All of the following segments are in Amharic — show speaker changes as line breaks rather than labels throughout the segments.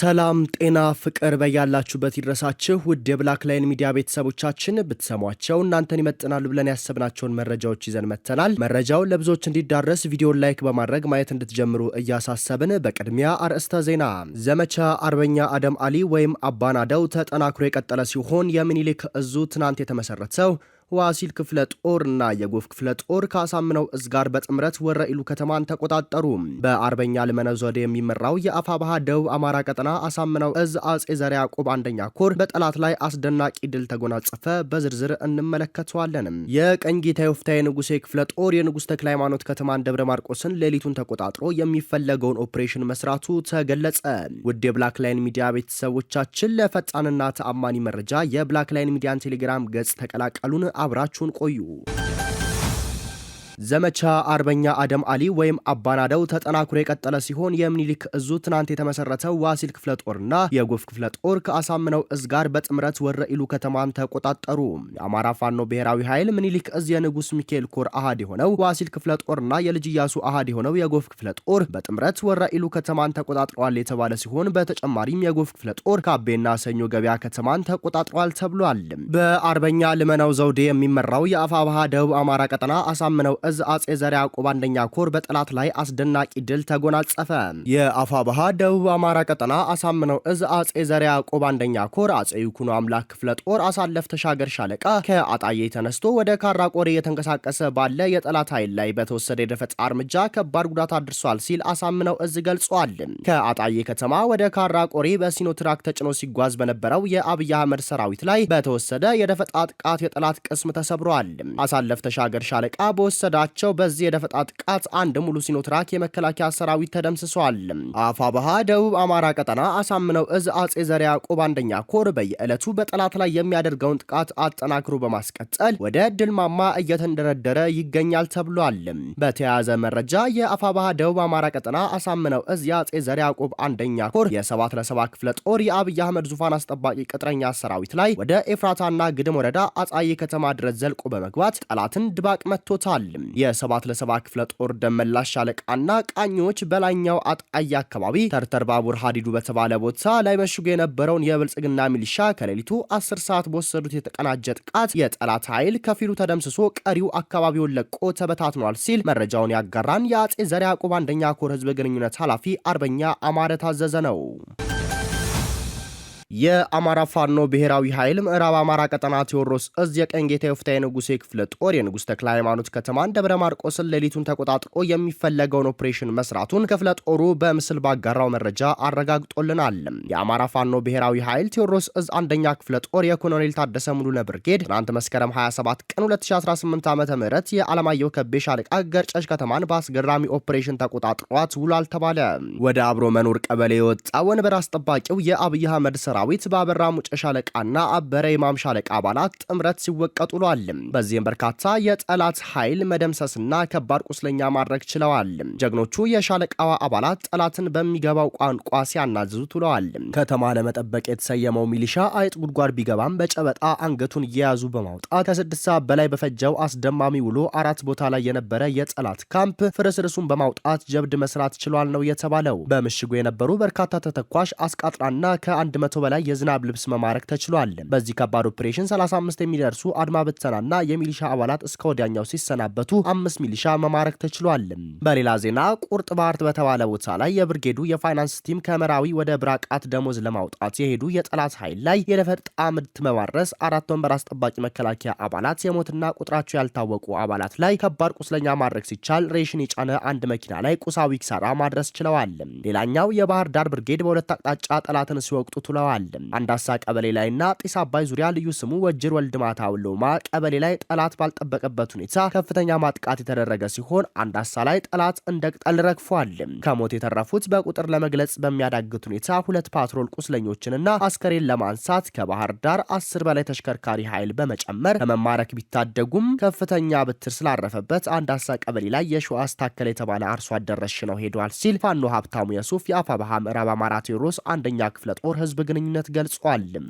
ሰላም ጤና ፍቅር በያላችሁበት ይድረሳችሁ። ውድ የብላክ ላይን ሚዲያ ቤተሰቦቻችን ብትሰሟቸው እናንተን ይመጥናሉ ብለን ያሰብናቸውን መረጃዎች ይዘን መጥተናል። መረጃው ለብዙዎች እንዲዳረስ ቪዲዮን ላይክ በማድረግ ማየት እንድትጀምሩ እያሳሰብን በቅድሚያ አርዕስተ ዜና። ዘመቻ አርበኛ አደም አሊ ወይም አባናደው ተጠናክሮ የቀጠለ ሲሆን የሚኒሊክ እዙ ትናንት የተመሰረተው ዋሲል ክፍለ ጦር እና የጎፍ ክፍለ ጦር ካሳምነው እዝ ጋር በጥምረት ወረኢሉ ከተማን ተቆጣጠሩ። በአርበኛ ልመነ ዘውዴ የሚመራው የአፋባሃ ደቡብ አማራ ቀጠና አሳምነው እዝ አጼ ዘር ያዕቆብ አንደኛ ኮር በጠላት ላይ አስደናቂ ድል ተጎናጸፈ። በዝርዝር እንመለከተዋለን። የቀኝ ጌታ ወፍታዬ ንጉሴ ክፍለ ጦር የንጉሥ ተክለ ሃይማኖት ከተማን ደብረ ማርቆስን ሌሊቱን ተቆጣጥሮ የሚፈለገውን ኦፕሬሽን መስራቱ ተገለጸ። ውድ የብላክ ላይን ሚዲያ ቤተሰቦቻችን ለፈጣንና ተአማኒ መረጃ የብላክ ላይን ሚዲያን ቴሌግራም ገጽ ተቀላቀሉን። አብራችሁን ቆዩ። ዘመቻ አርበኛ አደም አሊ ወይም አባናደው ተጠናክሮ የቀጠለ ሲሆን የምኒልክ እዙ ትናንት የተመሰረተው ዋሲል ክፍለ ጦርና የጎፍ ክፍለ ጦር ከአሳምነው እዝ ጋር በጥምረት ወረኢሉ ከተማን ተቆጣጠሩ። የአማራ ፋኖ ብሔራዊ ኃይል ምኒልክ እዝ የንጉስ ሚካኤል ኮር አሃድ የሆነው ዋሲል ክፍለ ጦርና የልጅያሱ አሃድ የሆነው የጎፍ ክፍለ ጦር በጥምረት ወረኢሉ ከተማን ተቆጣጥረዋል የተባለ ሲሆን በተጨማሪም የጎፍ ክፍለ ጦር ካቤና ሰኞ ገበያ ከተማን ተቆጣጥረዋል ተብሏል። በአርበኛ ልመናው ዘውዴ የሚመራው የአፋባሃ ደቡብ አማራ ቀጠና አሳምነው እዝ አጼ ዘርዓ ያዕቆብ አንደኛ ኮር በጠላት ላይ አስደናቂ ድል ተጎናጸፈ። የአፋባሃ ባህ ደቡብ አማራ ቀጠና አሳምነው እዝ አጼ ዘርዓ ያዕቆብ አንደኛ ኮር አጼ ይኩኖ አምላክ ክፍለ ጦር አሳለፍ ተሻገር ሻለቃ ከአጣዬ ተነስቶ ወደ ካራ ቆሬ እየተንቀሳቀሰ ባለ የጠላት ኃይል ላይ በተወሰደ የደፈጣ እርምጃ ከባድ ጉዳት አድርሷል ሲል አሳምነው እዝ ገልጿል። ከአጣዬ ከተማ ወደ ካራቆሬ በሲኖትራክ በሲኖ ትራክ ተጭኖ ሲጓዝ በነበረው የአብይ አህመድ ሰራዊት ላይ በተወሰደ የደፈጣ ጥቃት የጠላት ቅስም ተሰብሯል። አሳለፍ ተሻገር ሻለቃ በወሰደ በመገደላቸው በዚህ የደፈጣ ጥቃት አንድ ሙሉ ሲኖትራክ የመከላከያ ሰራዊት ተደምስሷል። አፋብሃ ደቡብ አማራ ቀጠና አሳምነው እዝ አጼ ዘርዓ ያዕቆብ አንደኛ ኮር በየዕለቱ በጠላት ላይ የሚያደርገውን ጥቃት አጠናክሮ በማስቀጠል ወደ ድል ማማ እየተንደረደረ ይገኛል ተብሏል። በተያያዘ መረጃ የአፋብሃ ደቡብ አማራ ቀጠና አሳምነው እዝ የአጼ ዘርዓ ያዕቆብ አንደኛ ኮር የ7 7 ክፍለ ጦር የአብይ አህመድ ዙፋን አስጠባቂ ቅጥረኛ ሰራዊት ላይ ወደ ኤፍራታና ግድም ወረዳ አጻዬ ከተማ ድረስ ዘልቆ በመግባት ጠላትን ድባቅ መጥቶታል። የሰባት ለሰባ ክፍለ ጦር ደመላሽ ሻለቃና ቃኞች በላይኛው አጣያ አካባቢ ተርተር ባቡር ሀዲዱ በተባለ ቦታ ላይ መሽጎ የነበረውን የብልጽግና ሚሊሻ ከሌሊቱ አስር ሰዓት በወሰዱት የተቀናጀ ጥቃት የጠላት ኃይል ከፊሉ ተደምስሶ ቀሪው አካባቢውን ለቆ ተበታትኗል ሲል መረጃውን ያጋራን የአጼ ዘርዓ ያዕቆብ አንደኛ ኮር ህዝብ ግንኙነት ኃላፊ አርበኛ አማረ ታዘዘ ነው። የአማራ ፋኖ ብሔራዊ ኃይል ምዕራብ አማራ ቀጠና ቴዎድሮስ እዝ የቀኝ ጌታ የፍትሐ ንጉሴ ክፍለ ጦር የንጉሥ ተክለ ሃይማኖት ከተማን ደብረ ማርቆስን ሌሊቱን ተቆጣጥሮ የሚፈለገውን ኦፕሬሽን መስራቱን ክፍለ ጦሩ በምስል ባጋራው መረጃ አረጋግጦልናል። የአማራ ፋኖ ብሔራዊ ኃይል ቴዎድሮስ እዝ አንደኛ ክፍለ ጦር የኮሎኔል ታደሰ ሙሉነ ብርጌድ ትናንት መስከረም 27 ቀን 2018 ዓ ም የዓለማየሁ ከቤ ሻለቃ ገርጨሽ ከተማን በአስገራሚ ኦፕሬሽን ተቆጣጥሯት ውሏል ተባለ። ወደ አብሮ መኖር ቀበሌ የወጣ ወንበር አስጠባቂው የአብይ አህመድ ስራ ሰራዊት በአበራ ሙጨሻ አለቃና አበረ የማምሻ አለቃ አባላት ጥምረት ሲወቀጡ ውለዋል። በዚህም በርካታ የጠላት ኃይል መደምሰስና ከባድ ቁስለኛ ማድረግ ችለዋል። ጀግኖቹ የሻለቃዋ አባላት ጠላትን በሚገባው ቋንቋ ሲያናዝዙት ውለዋል። ከተማ ለመጠበቅ የተሰየመው ሚሊሻ አይጥ ጉድጓድ ቢገባም በጨበጣ አንገቱን እየያዙ በማውጣት ከስድስት ሰዓት በላይ በፈጀው አስደማሚ ውሎ አራት ቦታ ላይ የነበረ የጠላት ካምፕ ፍርስርሱን በማውጣት ጀብድ መስራት ችሏል ነው የተባለው። በምሽጉ የነበሩ በርካታ ተተኳሽ አስቃጥራና ከአንድ መቶ በላይ የዝናብ ልብስ መማረክ ተችሏል። በዚህ ከባድ ኦፕሬሽን 35 የሚደርሱ አድማ ብተናና የሚሊሻ አባላት እስከ ወዲያኛው ሲሰናበቱ አምስት ሚሊሻ መማረክ ተችሏል። በሌላ ዜና ቁርጥ ባህርት በተባለ ቦታ ላይ የብርጌዱ የፋይናንስ ቲም ከመራዊ ወደ ብራቃት ደሞዝ ለማውጣት የሄዱ የጠላት ኃይል ላይ የደፈጣ ምት መማድረስ አራት ወንበር አስጠባቂ መከላከያ አባላት የሞትና ቁጥራቸው ያልታወቁ አባላት ላይ ከባድ ቁስለኛ ማድረግ ሲቻል ሬሽን የጫነ አንድ መኪና ላይ ቁሳዊ ኪሳራ ማድረስ ችለዋል። ሌላኛው የባህር ዳር ብርጌድ በሁለት አቅጣጫ ጠላትን ሲወቅጡ ትለዋል። ተገኝተዋል። አንዳሳ ቀበሌ ላይና ጢስ አባይ ዙሪያ ልዩ ስሙ ወጅር ወልድ ማታውሎማ ቀበሌ ላይ ጠላት ባልጠበቀበት ሁኔታ ከፍተኛ ማጥቃት የተደረገ ሲሆን አንዳሳ ላይ ጠላት እንደ ቅጠል ረግፏል። ከሞት የተረፉት በቁጥር ለመግለጽ በሚያዳግት ሁኔታ ሁለት ፓትሮል ቁስለኞችንና አስከሬን ለማንሳት ከባህር ዳር አስር በላይ ተሽከርካሪ ኃይል በመጨመር በመማረክ ቢታደጉም ከፍተኛ ብትር ስላረፈበት አንዳሳ ቀበሌ ላይ የሸዋ ታከለ የተባለ አርሶ አደረሽ ነው ሄዷል ሲል ፋኖ ሀብታሙ የሱፍ የአፋ ባህ ምዕራብ አማራ ቴዎድሮስ አንደኛ ክፍለ ጦር ህዝብ ግንኙ በአንድነት ገልጿል።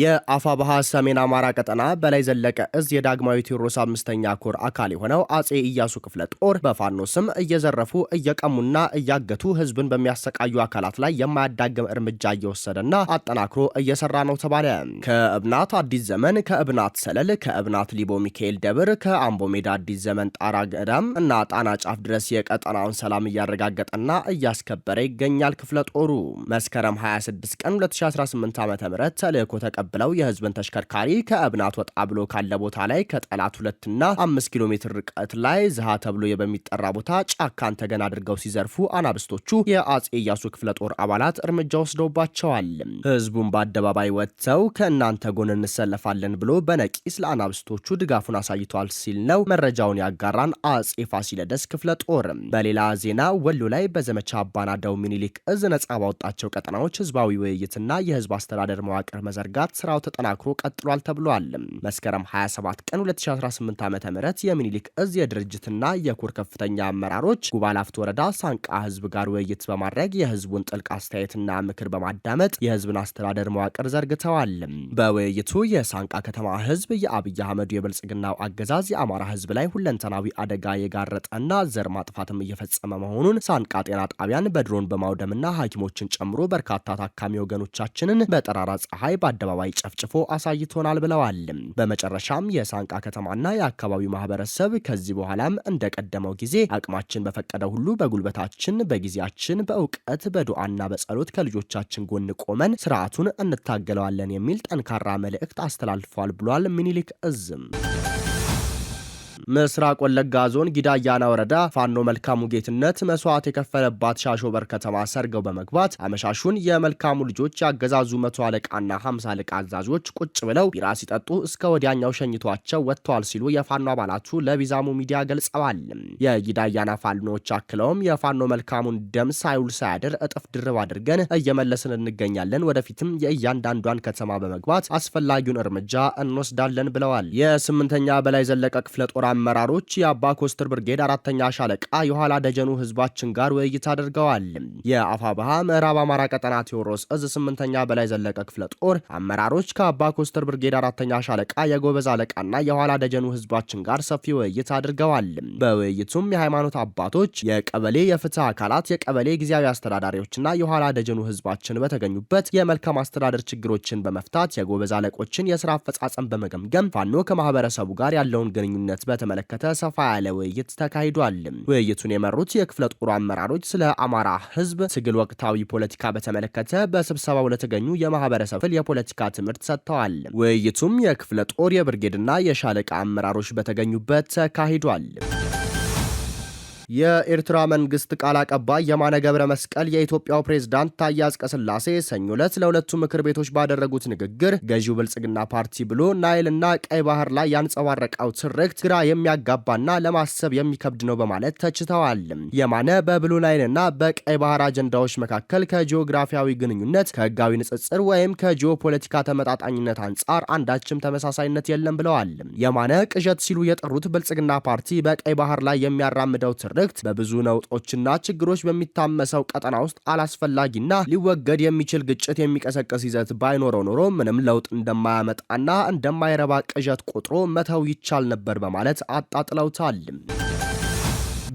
የአፋባሃ ሰሜን አማራ ቀጠና በላይ ዘለቀ እዝ የዳግማዊ ቴዎድሮስ አምስተኛ ኮር አካል የሆነው አጼ ኢያሱ ክፍለ ጦር በፋኖ ስም እየዘረፉ እየቀሙና እያገቱ ህዝብን በሚያሰቃዩ አካላት ላይ የማያዳግም እርምጃ እየወሰደና አጠናክሮ እየሰራ ነው ተባለ። ከእብናት አዲስ ዘመን፣ ከእብናት ሰለል፣ ከእብናት ሊቦ ሚካኤል ደብር፣ ከአምቦ ሜዳ አዲስ ዘመን ጣራ ገዳም እና ጣና ጫፍ ድረስ የቀጠናውን ሰላም እያረጋገጠና እያስከበረ ይገኛል። ክፍለ ጦሩ መስከረም 26 ቀን 2018 ዓ ም ተልእኮ ተቀብለው የህዝብን ተሽከርካሪ ከእብናት ወጣ ብሎ ካለ ቦታ ላይ ከጠላት ሁለትና አምስት ኪሎ ሜትር ርቀት ላይ ዝሃ ተብሎ በሚጠራ ቦታ ጫካን ተገን አድርገው ሲዘርፉ አናብስቶቹ የአጼ እያሱ ክፍለ ጦር አባላት እርምጃ ወስደውባቸዋል። ህዝቡን በአደባባይ ወጥተው ከእናንተ ጎን እንሰለፋለን ብሎ በነቂስ ለአናብስቶቹ ድጋፉን አሳይቷል ሲል ነው መረጃውን ያጋራን አጼ ፋሲለደስ ክፍለ ጦር። በሌላ ዜና ወሎ ላይ በዘመቻ አባናደው ሚኒሊክ እዝ ነጻ ባወጣቸው ቀጠናዎች ህዝባዊ ውይይትና የህዝብ አስተዳደር መዋቅር መዘርጋት ቀናት ስራው ተጠናክሮ ቀጥሏል ተብሏል። መስከረም 27 ቀን 2018 ዓ ም የሚኒሊክ እዝ የድርጅትና የኩር ከፍተኛ አመራሮች ጉባላፍት ወረዳ ሳንቃ ህዝብ ጋር ውይይት በማድረግ የህዝቡን ጥልቅ አስተያየትና ምክር በማዳመጥ የህዝብን አስተዳደር መዋቅር ዘርግተዋል። በውይይቱ የሳንቃ ከተማ ህዝብ የአብይ አህመዱ የብልጽግናው አገዛዝ የአማራ ህዝብ ላይ ሁለንተናዊ አደጋ የጋረጠና ዘር ማጥፋትም እየፈጸመ መሆኑን ሳንቃ ጤና ጣቢያን በድሮን በማውደምና ሐኪሞችን ጨምሮ በርካታ ታካሚ ወገኖቻችንን በጠራራ ፀሐይ በአደባ አደባባይ ጨፍጭፎ አሳይቶናል ብለዋል። በመጨረሻም የሳንቃ ከተማና የአካባቢው ማህበረሰብ ከዚህ በኋላም እንደቀደመው ጊዜ አቅማችን በፈቀደ ሁሉ በጉልበታችን፣ በጊዜያችን፣ በእውቀት፣ በዱዓና በጸሎት ከልጆቻችን ጎን ቆመን ስርዓቱን እንታገለዋለን የሚል ጠንካራ መልእክት አስተላልፏል ብሏል። ሚኒሊክ እዝም ምስራቅ ወለጋ ዞን ጊዳ አያና ወረዳ ፋኖ መልካሙ ጌትነት መስዋዕት የከፈለባት ሻሾበር ከተማ ሰርገው በመግባት አመሻሹን የመልካሙ ልጆች ያገዛዙ መቶ አለቃና ሀምሳ አለቃ አዛዦች ቁጭ ብለው ቢራ ሲጠጡ እስከ ወዲያኛው ሸኝቷቸው ወጥተዋል ሲሉ የፋኖ አባላቱ ለቢዛሙ ሚዲያ ገልጸዋል። የጊዳ አያና ፋኖዎች አክለውም የፋኖ መልካሙን ደም ሳይውል ሳያድር እጥፍ ድርብ አድርገን እየመለስን እንገኛለን። ወደፊትም የእያንዳንዷን ከተማ በመግባት አስፈላጊውን እርምጃ እንወስዳለን ብለዋል። የስምንተኛ በላይ ዘለቀ ክፍለ ጦር አመራሮች የአባ ኮስትር ብርጌድ አራተኛ ሻለቃ የኋላ ደጀኑ ህዝባችን ጋር ውይይት አድርገዋል። የአፋብሃ ምዕራብ አማራ ቀጠና ቴዎድሮስ እዝ ስምንተኛ በላይ ዘለቀ ክፍለ ጦር አመራሮች ከአባ ኮስተር ብርጌድ አራተኛ ሻለቃ የጎበዝ አለቃና የኋላ ደጀኑ ህዝባችን ጋር ሰፊ ውይይት አድርገዋል። በውይይቱም የሃይማኖት አባቶች፣ የቀበሌ የፍትህ አካላት፣ የቀበሌ ጊዜያዊ አስተዳዳሪዎችና የኋላ ደጀኑ ህዝባችን በተገኙበት የመልካም አስተዳደር ችግሮችን በመፍታት የጎበዝ አለቆችን የስራ አፈጻጸም በመገምገም ፋኖ ከማህበረሰቡ ጋር ያለውን ግንኙነት በተ በተመለከተ ሰፋ ያለ ውይይት ተካሂዷል። ውይይቱን የመሩት የክፍለ ጦሩ አመራሮች ስለ አማራ ህዝብ ትግል ወቅታዊ ፖለቲካ በተመለከተ በስብሰባው ለተገኙ የማህበረሰብ ክፍል የፖለቲካ ትምህርት ሰጥተዋል። ውይይቱም የክፍለ ጦር የብርጌድና የሻለቃ አመራሮች በተገኙበት ተካሂዷል። የኤርትራ መንግስት ቃል አቀባይ የማነ ገብረ መስቀል የኢትዮጵያው ፕሬዝዳንት ታዬ አጽቀሥላሴ ሰኞ ዕለት ለሁለቱ ምክር ቤቶች ባደረጉት ንግግር ገዢው ብልጽግና ፓርቲ ብሎ ናይልና ቀይ ባህር ላይ ያንጸባረቀው ትርክት ግራ የሚያጋባና ለማሰብ የሚከብድ ነው በማለት ተችተዋል። የማነ በብሉ ናይልና በቀይ ባህር አጀንዳዎች መካከል ከጂኦግራፊያዊ ግንኙነት፣ ከህጋዊ ንጽጽር ወይም ከጂኦፖለቲካ ተመጣጣኝነት አንጻር አንዳችም ተመሳሳይነት የለም ብለዋል። የማነ ቅዠት ሲሉ የጠሩት ብልጽግና ፓርቲ በቀይ ባህር ላይ የሚያራምደው ትርክት ትርክት በብዙ ነውጦችና ችግሮች በሚታመሰው ቀጠና ውስጥ አላስፈላጊና ሊወገድ የሚችል ግጭት የሚቀሰቀስ ይዘት ባይኖረው ኖሮ ምንም ለውጥ እንደማያመጣና እንደማይረባ ቅዠት ቆጥሮ መተው ይቻል ነበር በማለት አጣጥለውታል።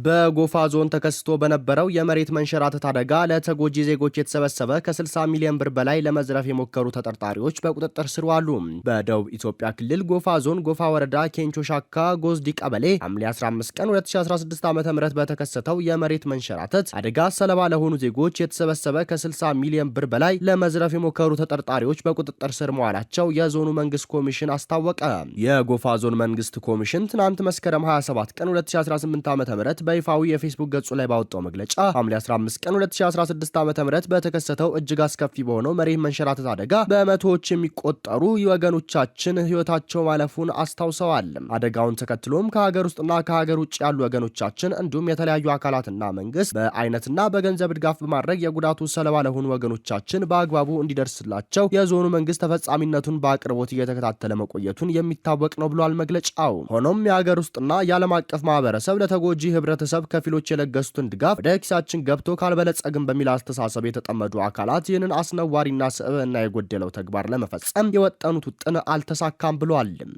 በጎፋ ዞን ተከስቶ በነበረው የመሬት መንሸራተት አደጋ ለተጎጂ ዜጎች የተሰበሰበ ከ60 ሚሊዮን ብር በላይ ለመዝረፍ የሞከሩ ተጠርጣሪዎች በቁጥጥር ስር ዋሉ። በደቡብ ኢትዮጵያ ክልል ጎፋ ዞን ጎፋ ወረዳ ኬንቾ ሻካ ጎዝዲ ቀበሌ ሐምሌ 15 ቀን 2016 ዓ ም በተከሰተው የመሬት መንሸራተት አደጋ ሰለባ ለሆኑ ዜጎች የተሰበሰበ ከ60 ሚሊዮን ብር በላይ ለመዝረፍ የሞከሩ ተጠርጣሪዎች በቁጥጥር ስር መዋላቸው የዞኑ መንግስት ኮሚሽን አስታወቀ። የጎፋ ዞን መንግስት ኮሚሽን ትናንት መስከረም 27 ቀን 2018 ዓ ም በይፋዊ የፌስቡክ ገጹ ላይ ባወጣው መግለጫ ሐምሌ 15 ቀን 2016 ዓ.ም በተከሰተው እጅግ አስከፊ በሆነው መሬት መንሸራተት አደጋ በመቶዎች የሚቆጠሩ ወገኖቻችን ህይወታቸው ማለፉን አስታውሰዋል። አደጋውን ተከትሎም ከሀገር ውስጥና ከሀገር ውጭ ያሉ ወገኖቻችን እንዲሁም የተለያዩ አካላትና መንግስት በአይነትና በገንዘብ ድጋፍ በማድረግ የጉዳቱ ሰለባ ለሆኑ ወገኖቻችን በአግባቡ እንዲደርስላቸው የዞኑ መንግስት ተፈጻሚነቱን በአቅርቦት እየተከታተለ መቆየቱን የሚታወቅ ነው ብሏል መግለጫው። ሆኖም የሀገር ውስጥና የዓለም አቀፍ ማህበረሰብ ለተጎጂ ህብረት ህብረተሰብ ከፊሎች የለገሱትን ድጋፍ ወደ ኪሳችን ገብቶ ካልበለጸግን በሚል አስተሳሰብ የተጠመዱ አካላት ይህንን አስነዋሪና ስብዕና የጎደለው ተግባር ለመፈጸም የወጠኑት ውጥን አልተሳካም ብሏልም።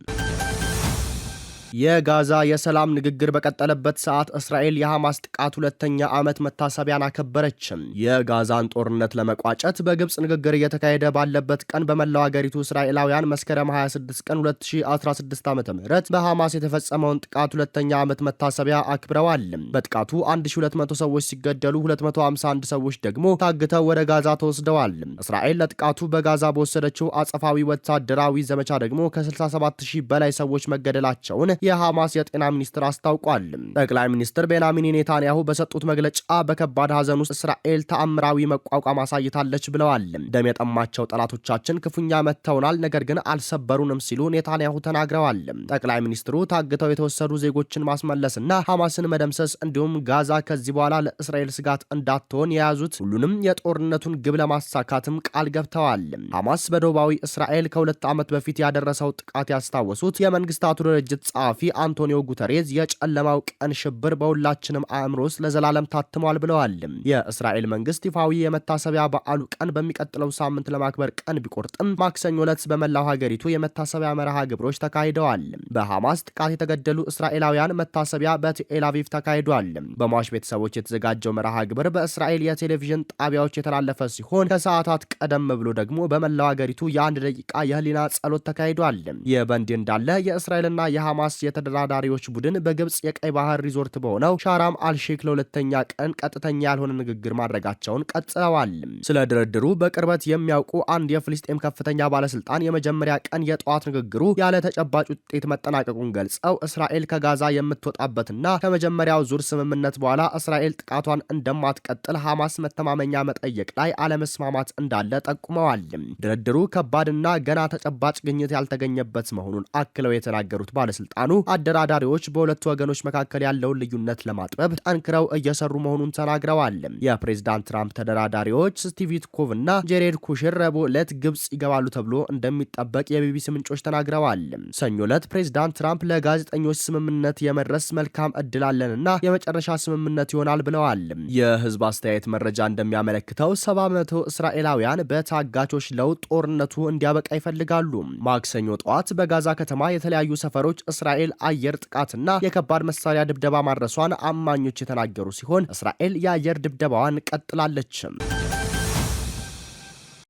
የጋዛ የሰላም ንግግር በቀጠለበት ሰዓት እስራኤል የሐማስ ጥቃት ሁለተኛ ዓመት መታሰቢያን አከበረችም። የጋዛን ጦርነት ለመቋጨት በግብፅ ንግግር እየተካሄደ ባለበት ቀን በመላው አገሪቱ እስራኤላውያን መስከረም 26 ቀን 2016 ዓ ም በሐማስ የተፈጸመውን ጥቃት ሁለተኛ ዓመት መታሰቢያ አክብረዋል። በጥቃቱ 1200 ሰዎች ሲገደሉ 251 ሰዎች ደግሞ ታግተው ወደ ጋዛ ተወስደዋል። እስራኤል ለጥቃቱ በጋዛ በወሰደችው አጸፋዊ ወታደራዊ ዘመቻ ደግሞ ከ67000 በላይ ሰዎች መገደላቸውን የሐማስ የጤና ሚኒስትር አስታውቋል። ጠቅላይ ሚኒስትር ቤንያሚን ኔታንያሁ በሰጡት መግለጫ በከባድ ሐዘን ውስጥ እስራኤል ተአምራዊ መቋቋም አሳይታለች ብለዋል። ደም የጠማቸው ጠላቶቻችን ክፉኛ መጥተውናል፣ ነገር ግን አልሰበሩንም ሲሉ ኔታንያሁ ተናግረዋል። ጠቅላይ ሚኒስትሩ ታግተው የተወሰዱ ዜጎችን ማስመለስና ሐማስን መደምሰስ እንዲሁም ጋዛ ከዚህ በኋላ ለእስራኤል ስጋት እንዳትሆን የያዙት ሁሉንም የጦርነቱን ግብ ለማሳካትም ቃል ገብተዋል። ሐማስ በደቡባዊ እስራኤል ከሁለት ዓመት በፊት ያደረሰው ጥቃት ያስታወሱት የመንግስታቱ ድርጅት ጸሐፊ ጸሐፊ አንቶኒዮ ጉተሬዝ የጨለማው ቀን ሽብር በሁላችንም አእምሮ ውስጥ ለዘላለም ታትሟል ብለዋል። የእስራኤል መንግስት ይፋዊ የመታሰቢያ በዓሉ ቀን በሚቀጥለው ሳምንት ለማክበር ቀን ቢቆርጥም ማክሰኞ ዕለት በመላው ሀገሪቱ የመታሰቢያ መርሃ ግብሮች ተካሂደዋል። በሐማስ ጥቃት የተገደሉ እስራኤላውያን መታሰቢያ በቴልአቪቭ ተካሂዷል። በሟች ቤተሰቦች የተዘጋጀው መርሃ ግብር በእስራኤል የቴሌቪዥን ጣቢያዎች የተላለፈ ሲሆን ከሰዓታት ቀደም ብሎ ደግሞ በመላው ሀገሪቱ የአንድ ደቂቃ የህሊና ጸሎት ተካሂዷል። ይህ በእንዲህ እንዳለ የእስራኤልና የሐማስ የተደራዳሪዎች ቡድን በግብፅ የቀይ ባህር ሪዞርት በሆነው ሻራም አልሼክ ለሁለተኛ ቀን ቀጥተኛ ያልሆነ ንግግር ማድረጋቸውን ቀጥለዋል። ስለ ድርድሩ በቅርበት የሚያውቁ አንድ የፍልስጤም ከፍተኛ ባለስልጣን የመጀመሪያ ቀን የጠዋት ንግግሩ ያለ ተጨባጭ ውጤት መጠናቀቁን ገልጸው እስራኤል ከጋዛ የምትወጣበትና ከመጀመሪያው ዙር ስምምነት በኋላ እስራኤል ጥቃቷን እንደማትቀጥል ሐማስ መተማመኛ መጠየቅ ላይ አለመስማማት እንዳለ ጠቁመዋል። ድርድሩ ከባድና ገና ተጨባጭ ግኝት ያልተገኘበት መሆኑን አክለው የተናገሩት ባለስልጣኑ ባለስልጣኑ አደራዳሪዎች በሁለቱ ወገኖች መካከል ያለውን ልዩነት ለማጥበብ ጠንክረው እየሰሩ መሆኑን ተናግረዋል። የፕሬዚዳንት ትራምፕ ተደራዳሪዎች ስቲቭ ዊትኮቭ እና ጄሬድ ኩሽር ረቡዕ ዕለት ግብጽ ይገባሉ ተብሎ እንደሚጠበቅ የቢቢሲ ምንጮች ተናግረዋል። ሰኞ ዕለት ፕሬዝዳንት ትራምፕ ለጋዜጠኞች ስምምነት የመድረስ መልካም እድል አለንና የመጨረሻ ስምምነት ይሆናል ብለዋል። የህዝብ አስተያየት መረጃ እንደሚያመለክተው ሰባ መቶ እስራኤላውያን በታጋቾች ለውጥ ጦርነቱ እንዲያበቃ ይፈልጋሉ። ማክሰኞ ጠዋት በጋዛ ከተማ የተለያዩ ሰፈሮች እስራኤል እስራኤል አየር ጥቃትና የከባድ መሳሪያ ድብደባ ማድረሷን አማኞች የተናገሩ ሲሆን እስራኤል የአየር ድብደባዋን ቀጥላለችም።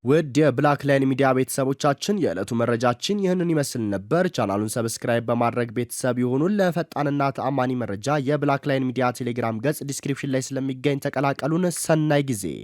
ውድ የብላክ ላይን ሚዲያ ቤተሰቦቻችን የዕለቱ መረጃችን ይህንን ይመስል ነበር። ቻናሉን ሰብስክራይብ በማድረግ ቤተሰብ የሆኑን ለፈጣንና ተአማኒ መረጃ የብላክ ላይን ሚዲያ ቴሌግራም ገጽ ዲስክሪፕሽን ላይ ስለሚገኝ ተቀላቀሉን። ሰናይ ጊዜ